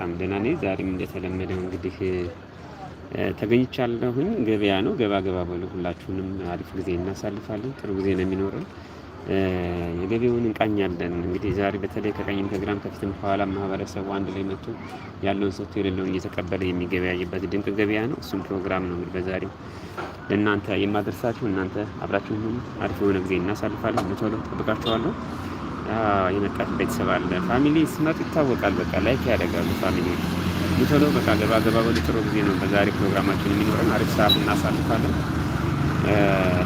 በጣም ደህና ነኝ። ዛሬም እንደተለመደው እንግዲህ ተገኝቻለሁኝ። ገበያ ነው፣ ገባ ገባ በሉ ሁላችሁንም። አሪፍ ጊዜ እናሳልፋለን። ጥሩ ጊዜ ነው የሚኖረን። የገበያውን እንቃኛለን። እንግዲህ ዛሬ በተለይ ከቀኝም ከግራም ከፊትም ከኋላ ማህበረሰቡ አንድ ላይ መጥቶ ያለውን ሰጥቶ የሌለውን እየተቀበለ የሚገበያይበት ድንቅ ገበያ ነው። እሱም ፕሮግራም ነው እንግዲህ በዛሬው ለእናንተ የማደርሳችሁ። እናንተ አብራችሁ አሪፍ የሆነ ጊዜ እናሳልፋለን። ቶሎ ጠብቃችኋለሁ። የመጣት ቤተሰብ አለ። ፋሚሊ ስመጡ ይታወቃል። በቃ ላይክ ያደርጋሉ ፋሚሊ ሚቶሎ በቃ ገባ ገባ በሉ። ጥሩ ጊዜ ነው። በዛሬ ፕሮግራማችን የሚኖረን አሪፍ ሰዓት እናሳልፋለን።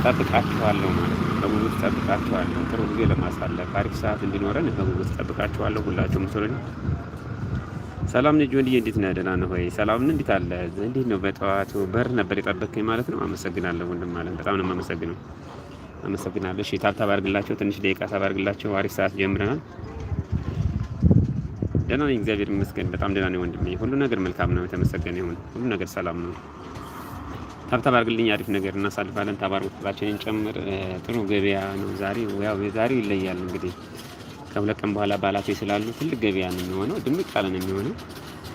ጠብቃችኋለሁ ማለት ነው። በጉጉት ጠብቃችኋለሁ። ጥሩ ጊዜ ለማሳለፍ አሪፍ ሰዓት እንዲኖረን በጉጉት ጠብቃችኋለሁ። ሁላችሁም ሚቶሎ ሰላም ልጅ ወንድዬ፣ እንዴት ነህ? ደህና ነህ ወይ? ሰላም እንዴት አለ? እንዴት ነው? በጠዋቱ በር ነበር የጠበቅከኝ ማለት ነው። አመሰግናለሁ ወንድም ማለት በጣም ነው የማመሰግነው። አመሰግናለሁ። እሺ ታብታብ አድርግላቸው። ትንሽ ደቂቃ ታባርግላቸው። አሪፍ ሰዓት ጀምረናል። ደህና ነኝ፣ እግዚአብሔር ይመስገን። በጣም ደህና ነኝ ወንድሜ። ሁሉ ነገር መልካም ነው። የተመሰገነ ይሁን። ሁሉ ነገር ሰላም ነው። ታብታብ አድርግልኝ። አሪፍ ነገር እናሳልፋለን። ታባርጉ ቁጥራችንን ጨምር። ጥሩ ገበያ ነው ዛሬ። ያው የዛሬው ይለያል እንግዲህ ከሁለት ቀን በኋላ ባላፌ ስላሉ ትልቅ ገበያ ነው የሚሆነው። ድምቅ ያለ ነው የሚሆነው።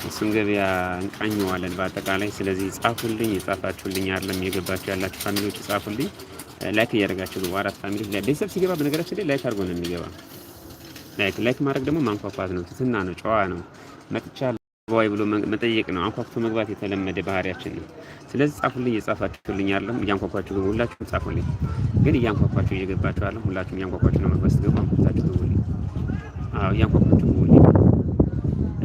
እሱን ገበያ እንቃኘዋለን በአጠቃላይ። ስለዚህ ጻፉልኝ፣ የጻፋችሁልኝ አይደለም የገባችሁ ያላችሁ ፋሚሊዎች ጻፉልኝ። ላይክ እያደረጋችሁ ነው። አራት ፋሚሊ ቤተሰብ ሲገባ በነገራችን ላይ ላይክ አድርጎ ነው የሚገባ። ላይክ ላይክ ማድረግ ደግሞ ማንኳኳት ነው፣ ትትና ነው፣ ጨዋ ነው፣ መጥቻለሁ ወይ ብሎ መጠየቅ ነው። አንኳኩቶ መግባት የተለመደ ባህሪያችን ነው። ስለዚህ ጻፉልኝ፣ እየጻፋችሁልኝ አለም እያንኳኳችሁ ግቡ። ሁላችሁም ጻፉልኝ፣ ግን እያንኳኳችሁ እየገባችሁ አለም። ሁላችሁም እያንኳኳችሁ ነው መግባት ስትገቡ አንኳኩታችሁ ግቡልኝ። አዎ እያንኳኳችሁ ግቡልኝ።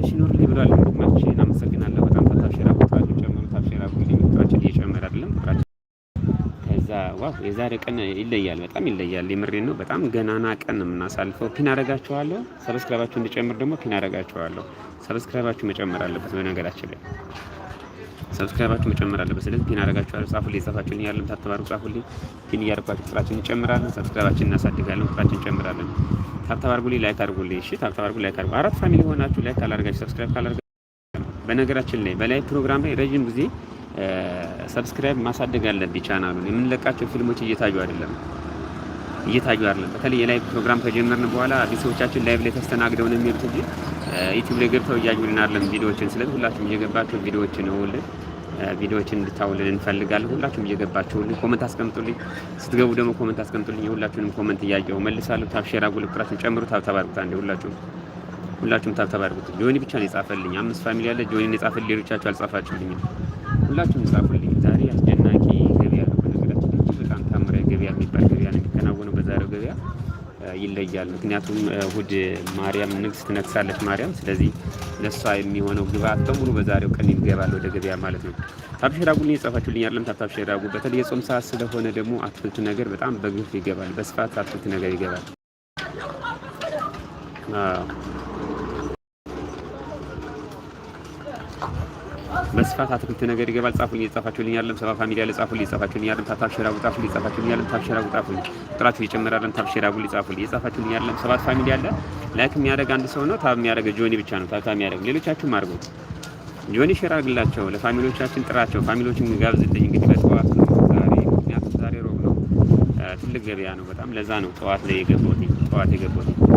እሺ ኑርልኝ ብሏል። ማችን አመሰግናለሁ በጣም ታብሽራ ቁጥራችሁ ጨምሩ። ታብሽራ ቁጥራችሁ እየጨመረ አይደለም ቁጥራችሁ ዋው የዛሬ ቀን ይለያል፣ በጣም ይለያል። የምሬን ነው። በጣም ገናና ቀን ነው የምናሳልፈው። ፒን አረጋችኋለሁ። ሰብስክራይባችሁ እንዲጨምር ደግሞ ፒን አረጋችኋለሁ። ሰብስክራይባችሁ መጨመር አለበት። በነገራችን ላይ ሰብስክራይባችሁ መጨመር አለበት። ስለዚህ ፒን አረጋችኋለሁ። ጻፉልኝ፣ ጻፋችሁልኝ ያለም ታተባሩ ጻፉልኝ። ፒን እያደረጋችሁ ቁጥራችን እንጨምራለን፣ ሰብስክራይባችን እናሳድጋለን፣ ቁጥራችን እንጨምራለን። ታተባርጉልኝ፣ ላይክ አድርጉልኝ። እሺ፣ ታተባርጉልኝ፣ ላይክ አድርጉ። አራት ፋሚሊ ሆናችሁ ላይክ ካላደርጋችሁ፣ ሰብስክራይብ ካላደርጋችሁ፣ በነገራችን ላይ በላይ ፕሮግራም ላይ ረጅም ጊዜ ሰብስክራይብ ማሳደግ አለብኝ። ቻናሉን የምንለቃቸው ፊልሞች እየታዩ አይደለም እየታዩ አይደለም። በተለይ የላይቭ ፕሮግራም ከጀመርን በኋላ ቤተሰቦቻችን ላይቭ ላይ ተስተናግደው ነው የሚሉት እንጂ ዩቲዩብ ላይ ገብተው እያዩልን አይደለም ቪዲዮዎችን። ስለዚህ ሁላችሁም እየገባችሁ ቪዲዮዎችን እውልን ቪዲዮዎችን እንድታውልን እንፈልጋለን። ሁላችሁም እየገባችሁልኝ ኮመንት አስቀምጡልኝ። ስትገቡ ደግሞ ኮመንት አስቀምጡልኝ። የሁላችሁንም ኮመንት እያየሁ መልሳለሁ። ታብሼር ጉልኩራችን ጨምሩ። ታብታባርጉት አንዴ ሁላችሁም ሁላችሁም ታብተባርጉት። ጆኒ ብቻ ነው የጻፈልኝ። አምስት ፋሚሊ ያለ ጆኒ የጻፈልኝ፣ ሌሎቻችሁ አልጻፋችሁልኝም። ሁላችሁም ጻፉልኝ። ዛሬ አስደናቂ ገበያ ነው። በነገራችን እጅግ በጣም ታምረ ገበያ የሚባል ገበያ ነው የሚከናወነው። በዛሬው ገበያ ይለያል። ምክንያቱም እሁድ ማርያም ንግስ ትነግሳለች ማርያም። ስለዚህ ለእሷ የሚሆነው ግብአት በሙሉ በዛሬው ቀን ይገባል ወደ ገበያ ማለት ነው። ታብሽራጉ ልኝ የጻፋችሁልኝ አይደለም ታብሽራ በተለይ የጾም ሰዓት ስለሆነ ደግሞ አትክልት ነገር በጣም በግፍ ይገባል፣ በስፋት አትክልት ነገር ይገባል። መስፋት አትክልት ነገር ይገባል። ጻፉልኝ፣ የጻፋችሁልኝ ያለም ሰባ ፋሚሊ ያለ ጻፉልኝ፣ የጻፋችሁልኝ ያለም ታታብ ጻፉልኝ፣ የጻፋችሁልኝ ያለም ታብ ጻፉልኝ፣ ቁጥራችሁ እየጨመረ ያለም ታብ ጻፉልኝ፣ የጻፋችሁልኝ ያለም ሰባ ፋሚሊ ያለ ላይክ የሚያደርግ አንድ ሰው ነው። ታብ የሚያደርግ ጆኒ ብቻ ነው። ታብ የሚያደርግ ሌሎቻችሁ ማርጉ። ጆኒ ሼር አድርግላቸው፣ ለፋሚሊዎቻችን ጥራቸው፣ ፋሚሊዎችን ጋብዝልኝ። እንግዲህ በጠዋት ነው ዛሬ፣ ምክንያቱም ዛሬ ሮብ ነው፣ ትልቅ ገበያ ነው። በጣም ለዛ ነው ጠዋት ላይ የገባሁት ጠዋት የገባሁት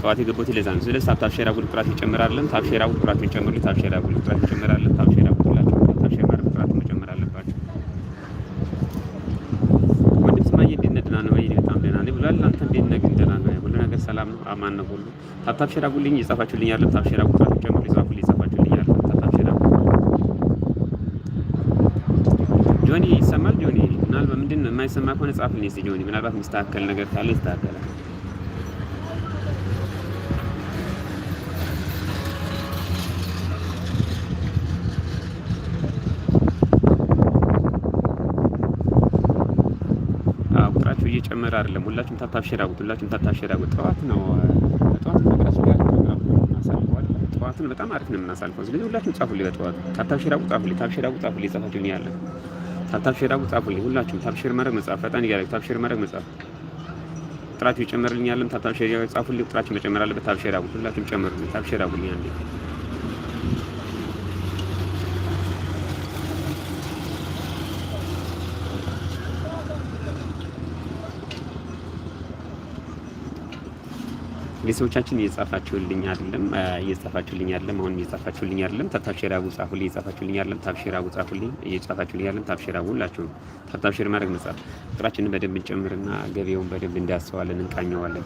ጠዋት የገባሁት ይለዛ ነው። ስለዚህ ታፕ ታፕ ሼር አጉል ቁራት ይጨምራለን። ታፕ ሼር አጉል ጥራት ይጨምራሉ። ታፕ ሼር አጉል ጥራት ይጨምራለን። ታፕ ሼር አጉል ቁራት ታፕ ሼር አጉል ቁራት መጨመር አለባቸው። ወንድም ስማዬ እንዴት ነህ? ደህና ነው ወይ? በጣም ደህና ነኝ ብሏል። አንተ እንዴት ነህ? ግን ደህና ነው። ሁሉ ነገር ሰላም ነው፣ አማን ነው። ሁሉ ታፕ ታፕ ሼር አጉልኝ ይጻፋችሁልኝ ያለ ታፕ ሼር አጉል ጥራት ይጨምሩ ይጻፉልኝ፣ ይጻፋችሁልኝ ያለ ታፕ ታፕ ሼር አጉል ጆኒ ይሰማል። ጆኒ ምናልባት ምንድን ነው የማይሰማ ከሆነ ጻፍልኝ እስኪ ጆኒ ምናልባት የሚስተካከል ነገር ካለ ይስተካከላል። እየጨመረ አይደለም። ሁላችሁም ታታብሽራጉት ሁላችሁም ታታብሽራጉት። ጠዋት ነው ጠዋት ነገራችን ላይ ፕሮግራም እናሳልፈዋል። ጠዋትን በጣም አሪፍ ነው የምናሳልፈው። ስለዚህ ሁላችሁም ጻፉልኝ፣ በጠዋት ታታብሽራጉ፣ ጻፉልኝ፣ ታብሽራጉ፣ ጻፉልኝ። ጻፋችሁ ያለ ታታብሽራጉ፣ ጻፉልኝ። ሁላችሁም ታብሽር መረግ መጻፍ ፈጣን እያለ ታብሽር መረግ መጻፍ ጥራችሁ ይጨመርልኝ። ያለም ታታብሽራጉ ጻፉልኝ። ጥራችሁ መጨመር አለበት። ታብሽራጉ፣ ሁላችሁም ጨምሩልኝ። ታብሽራጉልኝ አንዴ ቤተሰቦቻችን እየጻፋችሁልኝ አይደለም እየጻፋችሁልኝ አይደለም አሁን እየጻፋችሁልኝ አይደለም። ታብሽራቡ ጻፉልኝ እየጻፋችሁልኝ አይደለም። ታብሽራቡ ጻፉልኝ እየጻፋችሁልኝ አይደለም። ታብሽራቡ ሁላችሁም ታብሽር ማድረግ መጻፍ ቁጥራችንን በደንብ እንጨምርና ገበያውን በደንብ እንዳያስተዋለን እንቃኘዋለን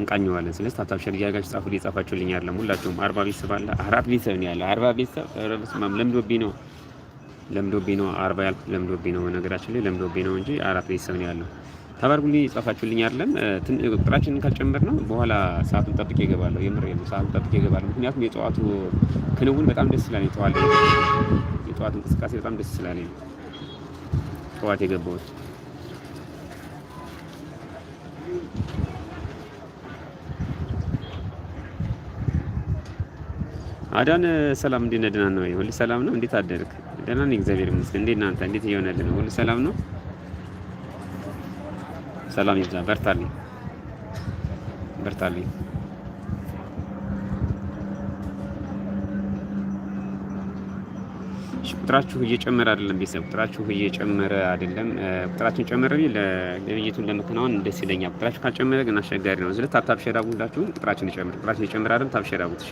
እንቃኘዋለን። ስለዚህ ታብሽር እያደረጋችሁ ጻፉልኝ እየጻፋችሁልኝ አይደለም። ሁላችሁም አርባ ቤተሰብ አለ አራት ቤተሰብ ነው ያለው። አርባ ቤተሰብ ረብስማም ለምዶብኝ ነው ለምዶብኝ ነው አርባ ያልኩት ለምዶብኝ ነው። ነገራችን ላይ ለምዶብኝ ነው እንጂ አራት ቤተሰብ ነው ያለው። ተባርጉልኝ የጻፋችሁልኝ አይደለም ቁጥራችንን ካልጨምር ነው። በኋላ ሰዓቱን ጠብቄ እገባለሁ። የምር ነው ሰዓቱን ጠብቄ እገባለሁ። ምክንያቱም የጠዋቱ ክንውን በጣም ደስ ስላለኝ የተዋለ የጠዋት እንቅስቃሴ በጣም ደስ ስላለኝ ነው ጠዋት የገባሁት። አዳን ሰላም፣ እንዴት ነህ? ደህና ነው? ሁሉ ሰላም ነው? እንዴት አደርክ? ደህና ነኝ፣ እግዚአብሔር ይመስገን። እንዴት እናንተ? እንዴት እየሆነልህ ነው? ሁሉ ሰላም ነው? ሰላም ይብዛ። በርታልኝ፣ በርታልኝ። ቁጥራችሁ እየጨመረ አይደለም? ቤተሰብ ቁጥራችሁ እየጨመረ አይደለም? ቁጥራችሁን ጨመረ ለግብይቱን ለመከናወን ደስ ይለኛል። ቁጥራችሁ ካልጨመረ ግን አስቸጋሪ ነው። ስለዚህ ታብታብ ሸራጉ ሁላችሁም ቁጥራችሁን ይጨምር፣ ቁጥራችሁን ይጨምር አይደለም? ታብሸራጉት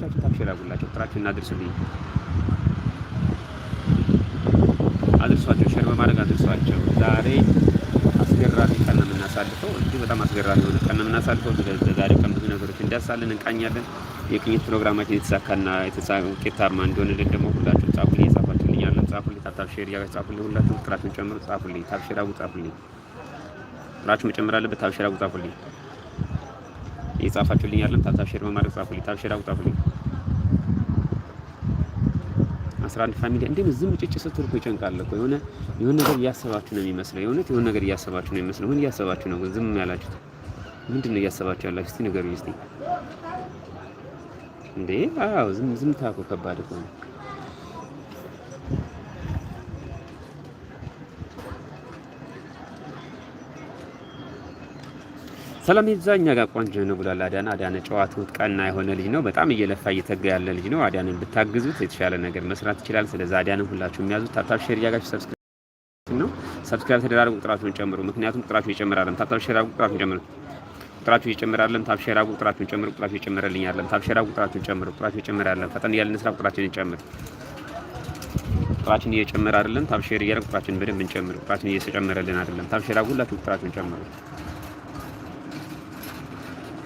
ጓደኞቻችሁ ታክሲ ላጉላቸው፣ ጥራችሁ እናድርስልኝ። አድርሷቸው፣ ሼር በማድረግ አድርሷቸው። ዛሬ አስገራሚ ቀን ነው የምናሳልፈው፣ እጅግ በጣም አስገራሚ የሆነ ቀን ነው የምናሳልፈው። ዛሬ ቀን ብዙ ነገሮች እንዳሳልን እንቃኛለን። የቅኝት ፕሮግራማችን የተሳካና ውጤታማ እንዲሆንልን ደግሞ ሁላችሁ ጻፉልኝ፣ የጻፋችሁልኝ ያለን ጻፉልኝ፣ ታብታብ ሼር እያደረጋችሁ ጻፉልኝ። ሁላችሁ ጥራችሁን ጨምሩ፣ ጻፉልኝ፣ ታብሽራጉ ጻፉልኝ፣ ጥራችሁ መጨመር አለበት። ታብሽራጉ ጻፉልኝ። የጻፋችሁልኝ ያለም ታብታብ ሼር በማድረግ ጻፉልኝ። ታብ ሼር አውጣፉልኝ። አስራ አንድ ፋሚሊ እንዴ ዝም ጭጭ ስትል እኮ ይጨንቃል እኮ የሆነ የሆነ ነገር እያሰባችሁ ነው የሚመስለው። የሆነ የሆነ ነገር እያሰባችሁ ነው የሚመስለው። ምን እያሰባችሁ ነው ዝም ያላችሁት? ምንድነው እያሰባችሁ ያላችሁ? እስቲ ንገሩኝ እስቲ። እንዴ አዎ ዝም ዝምታ እኮ ከባድ እኮ ነው። ሰላም ይብዛ። እኛ ጋር ቆንጆ ነው ብሏል አዳነ። አዳነ ጨዋት ቀና የሆነ ልጅ ነው። በጣም እየለፋ እየተጋ ያለ ልጅ ነው። አዳነን ብታግዙት የተሻለ ነገር መስራት ይችላል። ስለዚህ አዳነን ሁላችሁ የሚያዙት ታታብ ሼር እያጋችሁ ሰብስክራይብ ነው። ሰብስክራይብ ተደራርጉ፣ ቁጥራችሁን ጨምሩ። ምክንያቱም ቁጥራችሁ ይጨምራል። ታብታብ ሼር አድርጉ፣ ቁጥራችሁን ጨምሩ። ቁጥራችሁ ይጨምራለን። ታብ ሼር አድርጉ፣ ቁጥራችሁን ጨምሩ። ቁጥራችሁ ይጨምራልኝ አለን። ታብ ሼር አድርጉ፣ ቁጥራችሁን ጨምሩ። ቁጥራችሁ ይጨምራለን። ፈጠን እያልን ስራ ቁጥራችሁን ይጨምር ቁጥራችን እየጨመረ አይደለም። ሼር እያደረግ ቁጥራችን በደንብ እንጨምር። ቁጥራችን እየተጨመረልን አይደለም። ታብ ታብሼር ሁላችሁ ቁጥራችሁን ጨምሩ።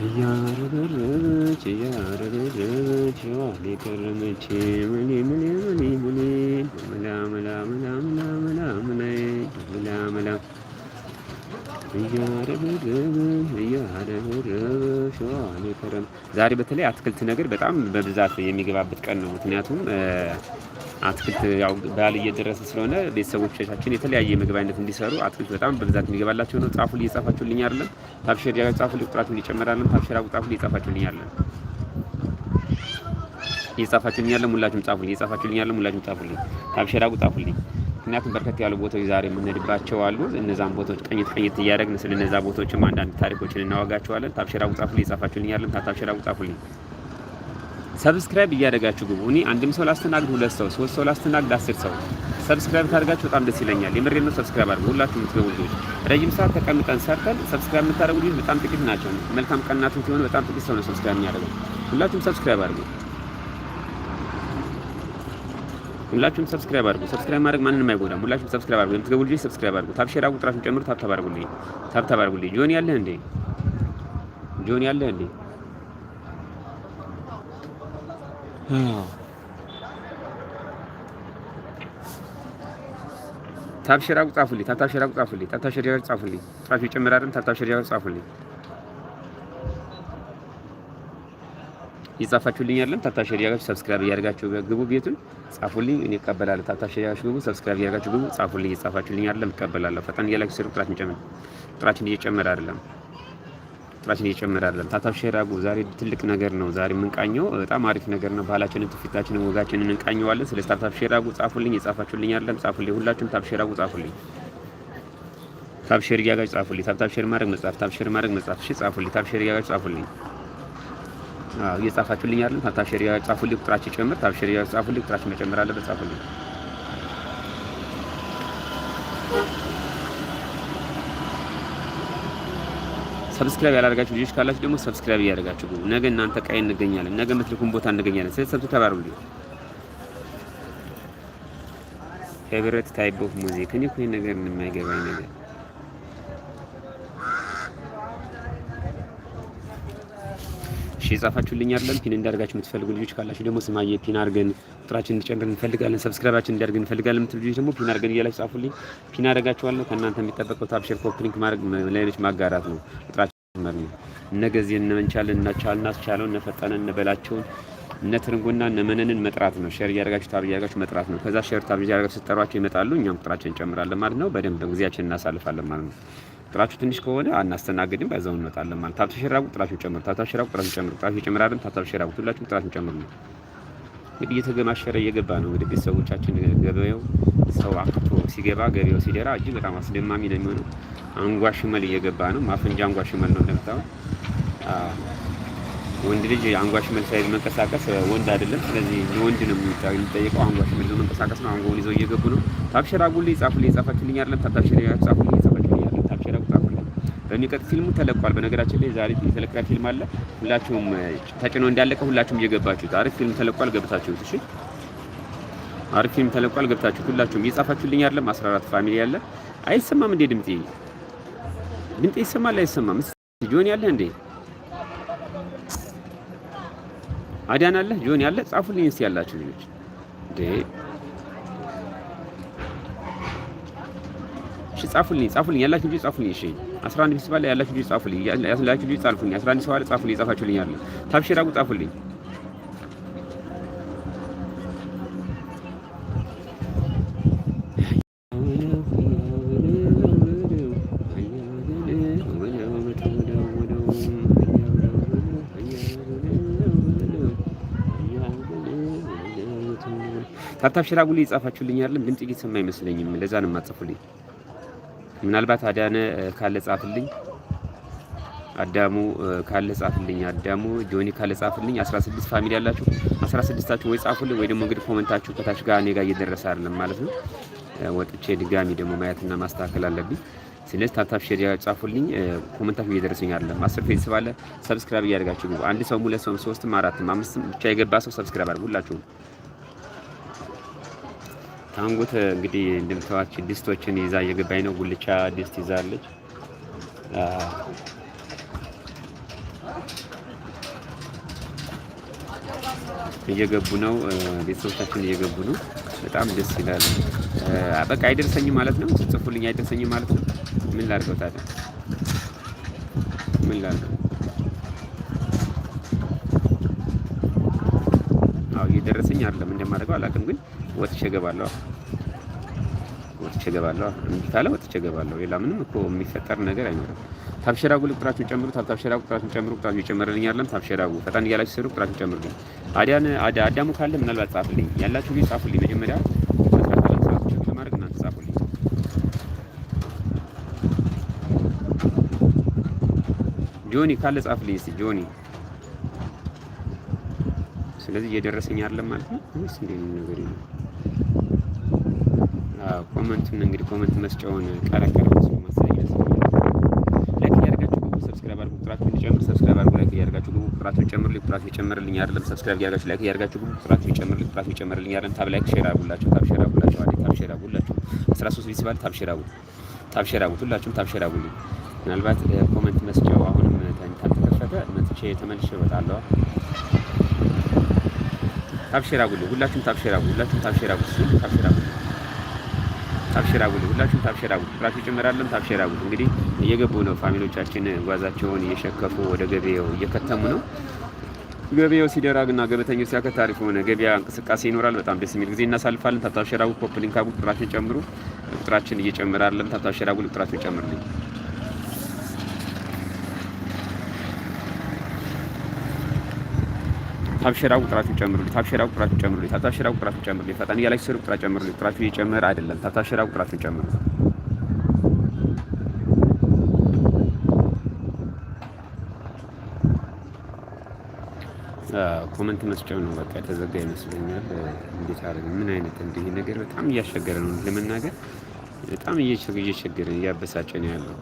እያረገረች እያረገረች ዋሌ ከረመች ምኔ ምኔ ምኔ ምኔ መላ መላ መላ መላ መላ መላ መላ ዛሬ በተለይ አትክልት ነገር በጣም በብዛት የሚገባበት ቀን ነው። ምክንያቱም አትክልት ያው በዓል እየደረሰ ስለሆነ ቤተሰቦቻችን የተለያየ ምግብ አይነት እንዲሰሩ አትክልት በጣም በብዛት የሚገባላቸው ነው። ጻፉ እየጻፋችሁልኝ አይደለም? ታብሽር ያው ጻፉ ቁጥራችሁ እየጨመራለን። ታብሸር ጻፉ እየጻፋችሁልኝ አይደለም? እየጻፋችሁልኝ አይደለም? ሁላችሁም ጻፉልኝ። እየጻፋችሁልኝ አይደለም? ሁላችሁም ጻፉልኝ። ታብሸር ጻፉልኝ ምክንያቱም በርከት ያሉ ቦታዎች ዛሬ የምንሄድባቸው አሉ። እነዛን ቦታዎች ቀኝት ቀኝት እያደረግን ስለ እነዛ ቦታዎችም አንዳንድ ታሪኮችን እናዋጋቸዋለን። ታብሽራ ጻፉልኝ፣ ጻፋችሁልኝ ያለን ታብሽራ ጻፉልኝ። ሰብስክራይብ እያደረጋችሁ ግቡ። እኔ አንድም ሰው ላስተናግድ፣ ሁለት ሰው፣ ሶስት ሰው ላስተናግድ፣ አስር ሰው ሰብስክራይብ ካደርጋችሁ በጣም ደስ ይለኛል። የምሬ ነው። ሰብስክራይብ አድርጉ ሁላችሁ የምትገቡ ልጆች። ረዥም ሰዓት ተቀምጠን ሰርተን ሰብስክራይብ የምታደርጉ ልጆች በጣም ጥቂት ናቸው። መልካም ቀናቱን ሲሆን በጣም ጥቂት ሰው ነው ሰብስክራይብ የሚያደርገው። ሁላችሁም ሰብስክራይብ አድርጉ። ሁላችሁም ሰብስክራይብ አድርጉ። ሰብስክራይብ ማድረግ ማንንም አይጎዳም። ሁላችሁም ሰብስክራይብ አድርጉ። የምትገቡ ልጆች ሰብስክራይብ አድርጉ። ታብ ሼር ቁጥራችሁን ጨምሩ። ታብ ታብ አድርጉልኝ። ታብ ታብ አድርጉልኝ። ጆኒ ያለህ እንዴ? ጆን ያለህ እንዴ? ታብ ሼር ጻፉልኝ። ታብ ታብ ሼር ጻፉልኝ። ታብ ታብ ሼር ጻፉልኝ። ቁጥራችሁ ይጨምራል። ታብ ታብ ሼር ጻፉልኝ። የጻፋችሁልኝ አይደለም ታብታብ ሼር ሰብስክራይብ እያደረጋችሁ ግቡ። ቤቱን ጻፉልኝ፣ እኔ እቀበላለሁ። ታብታብ ሼር እያደረጋችሁ ግቡ፣ ሰብስክራይብ እያደረጋችሁ ግቡ። ጻፉልኝ፣ የጻፋችሁልኝ አይደለም እቀበላለሁ። ፈጣን እያላችሁ ስሩ። ጥራችን ጨምር፣ ጥራችን እየጨመረ አይደለም፣ ጥራችን እየጨመረ አይደለም። ታብታብ ሼር አድርጉ። ዛሬ ትልቅ ነገር ነው። ዛሬ የምንቃኘው በጣም አሪፍ ነገር ነው። ባህላችንን፣ ትውፊታችንን፣ ወጋችንን እንቃኘዋለን። ስለዚህ ታብታብ ሼር አድርጉ፣ ጻፉልኝ፣ የጻፋችሁልኝ አይደለም ጻፉልኝ። ሁላችሁም ታብታብ ሼር አድርጉ፣ ጻፉልኝ ታብታብ ሼር እያደረጋችሁ ጻፉልኝ። ታብታብ ሼር ማድረግ መጻፍ፣ ታብታብ ሼር ማድረግ መጻፍ። እሺ ጻፉልኝ፣ ታብታብ ሼር እያደረጋችሁ ጻፉልኝ። እየጻፋችሁልኝ አይደለም? ታብታብሽሪያ ጻፉልኝ፣ ቁጥራችሁ ጨምር። ታብሽሪያ ጻፉልኝ፣ ቁጥራችሁ መጨመር አለበት። ጻፉልኝ። ሰብስክራይብ ያላደርጋችሁ ልጆች ካላችሁ ደግሞ ሰብስክራይብ እያደረጋችሁ ግቡ። ነገ እናንተ ቀይ እንገኛለን። ነገ የምትልኩን ቦታ እንገኛለን። ስለዚህ ሰብስክራይብ አድርጉልኝ። ህብረት ታይቦፍ ሙዚክ እኔ እኮ ይሄን ነገር የማይገባኝ ነገር እሺ የጻፋችሁልኝ አይደለም ፒን እንዳርጋችሁ የምትፈልጉ ልጆች ካላችሁ ደግሞ ስማዬ ፒን አርገን ቁጥራችን እንጨምር እንፈልጋለን፣ ሰብስክራይባችን እንዳርገን እንፈልጋለን የምትሉ ልጆች ደግሞ ፒን አርገን እያላችሁ ጻፉልኝ። ፒን አረጋችኋለሁ። ከእናንተ የሚጠበቀው ታብሽር ኮፕሊንክ ማድረግ ለሌሎች ማጋራት ነው። ቁጥራችን ነው እነ እነመንቻለን እነ መንቻልን እነ እነበላቸውን ቻለውን እነ እነ ትርንጎና እነ መነንን መጥራት ነው። ሼር እያደረጋችሁ ታብ እያደረጋችሁ መጥራት ነው። ከዛ ሼር ታብ እያደረጋችሁ ስትጠሯቸው ይመጣሉ። እኛም ቁጥራችን እንጨምራለን ማለት ነው። በደንብ ጊዜያችን እናሳልፋለን ማለት ነው። ጥራችሁ ትንሽ ከሆነ አናስተናግድም፣ በዛው እንመጣለን ማለት ታብታብ ሽራጉ ጥራችሁ ጨምሩ፣ ታብታብ ሽራጉ ጥራችሁ ጨምሩ፣ ጥራችሁ ጨምራለን፣ ታብታብ ሽራጉ ሁላችሁ ጥራችሁ ጨምሩ ነው። እንግዲህ እየተገማሸረ እየገባ ነው። እንግዲህ ቤተሰቦቻችን ገበያው ሰው አክቶ ሲገባ ገበያው ሲደራ እጅግ በጣም አስደማሚ ነው የሚሆነው። አንጓሽመል እየገባ ነው። ማፈንጃ አንጓሽመል ነው እንደምታው ወንድ ልጅ አንጓሽመል ሳይል መንቀሳቀስ ወንድ አይደለም። ስለዚህ ለወንድ ነው የሚጠየቀው። አንጓሽመል ይዞ መንቀሳቀስ ነው። አንጓውን ይዘው እየገቡ ነው። ታብሽራ ጉል ይጻፉልኝ፣ ይጻፋችሁልኝ አይደለም ታብሽራ ይጻፉልኝ በሚቀጥ ፊልሙ ተለቋል። በነገራችን ላይ ዛሬ የተለቀቀ ፊልም አለ። ሁላችሁም ተጭኖ እንዳለቀ ሁላችሁም እየገባችሁ አሪፍ ፊልም ተለቋል፣ ገብታችሁት። እሺ አሪፍ ፊልም ተለቋል፣ ገብታችሁ ሁላችሁም እየጻፋችሁልኝ አይደለም? 14 ፋሚሊ ያለ አይሰማም እንዴ? ድምጤ ድምጤ ይሰማል አይሰማም? ጆን ያለ እንዴ? አዳን አለ ጆን ያለ ጻፉልኝ እስቲ ያላችሁ ልጆች እንዴ እሺ ጻፉልኝ፣ ጻፉልኝ ያላችሁ ልጅ ጻፉልኝ። እሺ 11 ቢስ ባለ ያላችሁ ልጅ ጻፉልኝ፣ ያላችሁ ልጅ ጻፉልኝ። 11 ሰው አለ ጻፉልኝ፣ ጻፋችሁልኝ አለ ታብሽራጉ ጻፉልኝ። ታብታብ ሽራጉ ላይ ጻፋችሁልኝ አይደለም? ድምጽ እየተሰማ አይመስለኝም። ለዛ ነው የማጽፉልኝ። ምናልባት አዳነ ካለ ጻፍልኝ፣ አዳሙ ካለ ጻፍልኝ፣ አዳሙ ጆኒ ካለ ጻፍልኝ። 16 ፋሚሊ ያላችሁ 16ታችሁ ወይ ጻፉልኝ ወይ ደግሞ እንግዲህ ኮመንታችሁ ከታች ጋር እኔ ጋር እየደረሰ አይደለም ማለት ነው። ወጥቼ ድጋሚ ደግሞ ማየትና ማስተካከል አለብኝ። ስለዚህ ታፕታፕ ሼር ጻፉልኝ። ኮመንታችሁ እየደረሰኝ አይደለም። አስር ፌስቡክ ባለ ሰብስክራይብ እያደረጋችሁ አንድ ሰው ሁለት ሰው ሶስትም አራትም አምስትም ብቻ የገባ ሰው ሰብስክራይብ አድርጉላችሁ። ታንጉት እንግዲህ እንደምታዋች ድስቶችን ይዛ እየገባኝ ነው። ጉልቻ ድስት ይዛለች። እየገቡ ነው። ቤተሰቦቻችን እየገቡ ነው። በጣም ደስ ይላል። በቃ አይደርሰኝም ማለት ነው። ጽፉልኝ አይደርሰኝም ማለት ነው። ምን ላድርገው ታዲያ? ምን ላድርገው? አዎ እየደረሰኝ አይደለም። እንደማደርገው አላውቅም ግን ወጥቼ እገባለሁ። ወጥቼ እገባለሁ። ወጥቼ እገባለሁ። ሌላ ምንም እኮ የሚፈጠር ነገር አይኖርም። ታብሸራ ቁጥራችሁን ጨምሩ። ታብሸራ ቁጥራችሁን ጨምሩ። ቁጥራችሁ ይጨምርልኝ አይደለም። ታብሸራ ፈጣን እያላችሁ ስሩ። ቁጥራችሁን አዲያን አዳሙ ካለ ምናልባት ጻፉልኝ። ያላችሁ ግን ጻፉልኝ መጀመሪያ ጆኒ ካለ ጻፍልኝ ጆኒ። ስለዚህ እየደረሰኝ አይደለም ማለት ነው። እስኪ እንደምን ነገር ኮመንቱን እንግዲህ ኮመንት መስጫውን ቀረቀረ ማሳያ ላይክ እያደርጋችሁ ግቡ። ሰብስክራይብ አድርጉ። ቁጥራችሁ እንዲጨምር ቁጥራችሁ ቁጥራችሁ አይደለም ቁጥራችሁ ቁጥራችሁ አይደለም ታብ ላይክ ሼር ታብ ሼር ታብ ሼር 13 ቢት ሲባል ታብ ሼር ታብ ሼር ሁላችሁም ታብ ሼር ምናልባት ኮመንት መስጫው አሁንም ካልተከፈተ መጥቼ ተመልሼ እወጣለሁ። ታብ ሼር ሁላችሁም ታብ ሼር ሁላችሁም ታብ ሼር አድርጉ። ታብ ሼር ታብሽራ ጉድ ሁላችሁም ታብሽራ ጉድ ፍራሹ ጭምራለን። ታብሽራ ጉድ እንግዲህ እየገቡ ነው። ፋሚሎቻችን ጓዛቸውን እየሸከፉ ወደ ገበያው እየከተሙ ነው። ገበያው ሲደራግና ገበተኛው ሲያከት አሪፍ ሆነ ገበያ እንቅስቃሴ ይኖራል። በጣም ደስ የሚል ጊዜ እናሳልፋለን። ታብሽራ ጉል ኮፕሊንካ ጉድ ቁጥራችን ጨምሩ። ቁጥራችን እየጨምራለን። ታብሽራ ጉል ቁጥራችን ጨምሩልኝ። ታብሽራ ቁጥራችሁ ጨምሩልኝ፣ ታብሽራ ቁጥራችሁ ጨምሩልኝ፣ ታብሽራ ቁጥራችሁ ጨምሩልኝ፣ ፈጣን እያላችሁ ስሩ። ቁጥራ ጨምሩልኝ። ቁጥራችሁ እየጨመረ አይደለም። ታብሽራ ቁጥራችሁ ጨምሩ። ኮመንት መስጫው ነው በቃ የተዘጋ ይመስለኛል። እንዴት አረግ ምን አይነት እንዲህ ነገር በጣም እያስቸገረ ነው ለመናገር በጣም እየቸገረን ነው ያለው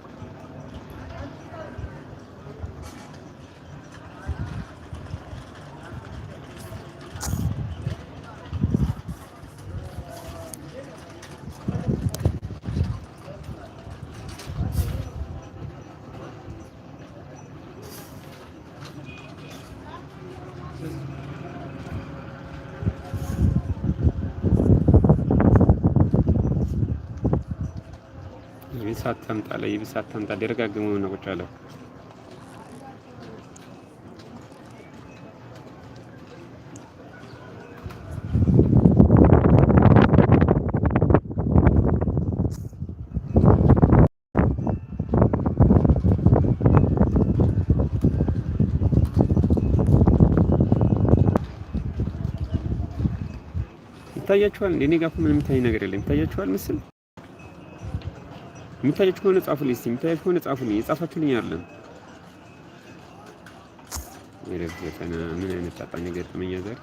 አታምጣ፣ ለይብስ አታምጣ። ደረጋግመው ነው ቁጭ ያለው። ይታያችኋል። እኔ ጋር ምንም የሚታይ ነገር የለም። ይታያችኋል ምስል የሚታያችሁ ከሆነ ጻፉልኝ። እስቲ የሚታያችሁ ከሆነ ጻፉልኝ። የጻፋችሁልኝ አይደለም። ምን አይነት ጣጣ ነገር ጥመኛ ዛሬ